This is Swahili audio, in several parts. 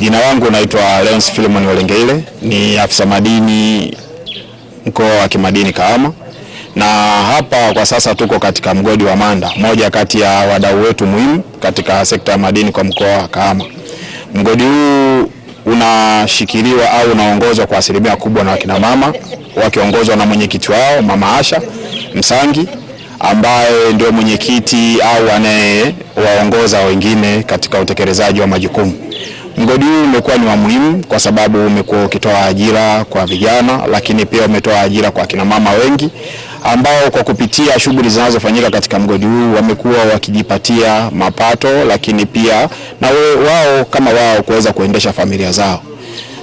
Jina langu naitwa Leonce Philemon walengeile ni afisa madini mkoa wa Kimadini Kahama, na hapa kwa sasa tuko katika mgodi wa Manda, moja kati ya wadau wetu muhimu katika sekta ya madini kwa mkoa wa Kahama. Mgodi huu unashikiliwa au unaongozwa kwa asilimia kubwa na wakina mama wakiongozwa na mwenyekiti wao Mama Asha Msangi ambaye ndio mwenyekiti au anayewaongoza wengine katika utekelezaji wa majukumu. Mgodi huu umekuwa ni wa muhimu kwa sababu umekuwa ukitoa ajira kwa vijana, lakini pia umetoa ajira kwa mama wengi ambao kwa kupitia shughuli zinazofanyika katika mgodi huu wamekuwa wakijipatia mapato, lakini pia na we, wao kama wao kuweza kuendesha familia zao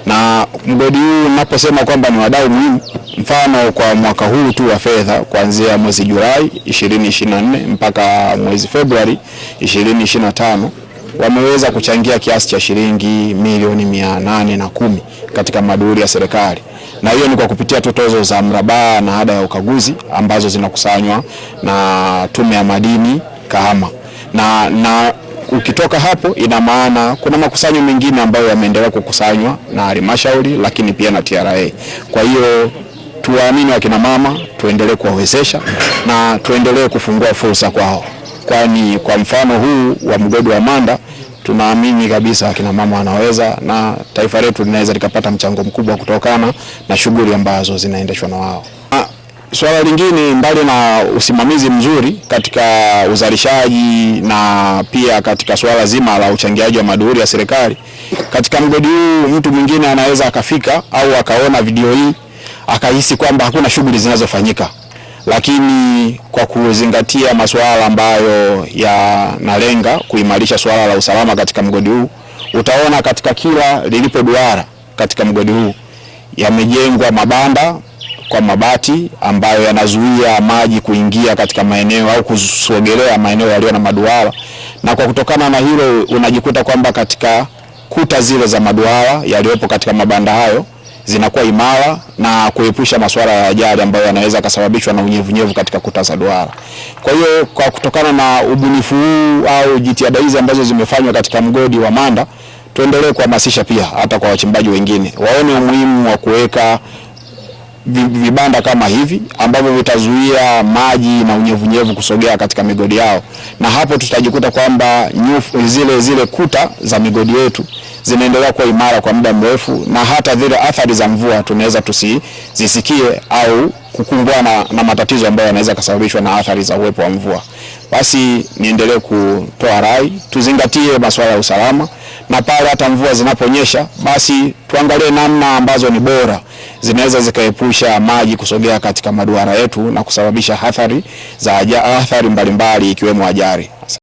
na mgodi huu naposema kwamba ni wadau muhimu, mfano kwa mwaka huu tu wa fedha, kuanzia mwezi Julai 2024 mpaka mwezi Februari 2025 wameweza kuchangia kiasi cha shilingi milioni mia nane na kumi katika maduri ya serikali, na hiyo ni kwa kupitia totozo za mrabaa na ada ya ukaguzi ambazo zinakusanywa na Tume ya Madini Kahama na, na ukitoka hapo ina maana kuna makusanyo mengine ambayo yameendelea kukusanywa na halmashauri lakini pia na TRA. Kwa hiyo tuwaamini wakina mama, tuendelee kuwawezesha na tuendelee kufungua fursa kwao kwani kwa mfano huu wa mgodi wa Manda tunaamini kabisa akina mama wanaweza na taifa letu linaweza likapata mchango mkubwa kutokana na shughuli ambazo zinaendeshwa na wao. Ah, swala lingine mbali na usimamizi mzuri katika uzalishaji na pia katika swala zima la uchangiaji wa maduhuri ya serikali katika mgodi huu, mtu mwingine anaweza akafika au akaona video hii akahisi kwamba hakuna shughuli zinazofanyika lakini kwa kuzingatia masuala ambayo yanalenga kuimarisha suala la usalama katika mgodi huu. Utaona katika kila lilipo duara katika mgodi huu yamejengwa mabanda kwa mabati ambayo yanazuia maji kuingia katika maeneo au kusogelea maeneo yaliyo na maduara, na kwa kutokana na hilo unajikuta kwamba katika kuta zile za maduara yaliyopo katika mabanda hayo zinakuwa imara na kuepusha masuala ya ajali ambayo yanaweza kusababishwa na unyevunyevu katika kuta za duara. Kwa hiyo kwa kutokana na ubunifu huu au jitihada hizi ambazo zimefanywa katika mgodi wa Manda, tuendelee kuhamasisha pia hata kwa wachimbaji wengine waone umuhimu wa kuweka vibanda kama hivi ambavyo vitazuia maji na unyevunyevu kusogea katika migodi yao, na hapo tutajikuta kwamba zile zile kuta za migodi yetu zimeendelea kuwa imara kwa muda mrefu, na hata zile athari za mvua tunaweza tusizisikie au kukumbwa na, na matatizo ambayo yanaweza kusababishwa na athari za uwepo wa mvua. Basi niendelee kutoa rai, tuzingatie masuala ya usalama, na pale hata mvua zinaponyesha, basi tuangalie namna ambazo ni bora zinaweza zikaepusha maji kusogea katika maduara yetu na kusababisha athari za athari mbalimbali ikiwemo ajali.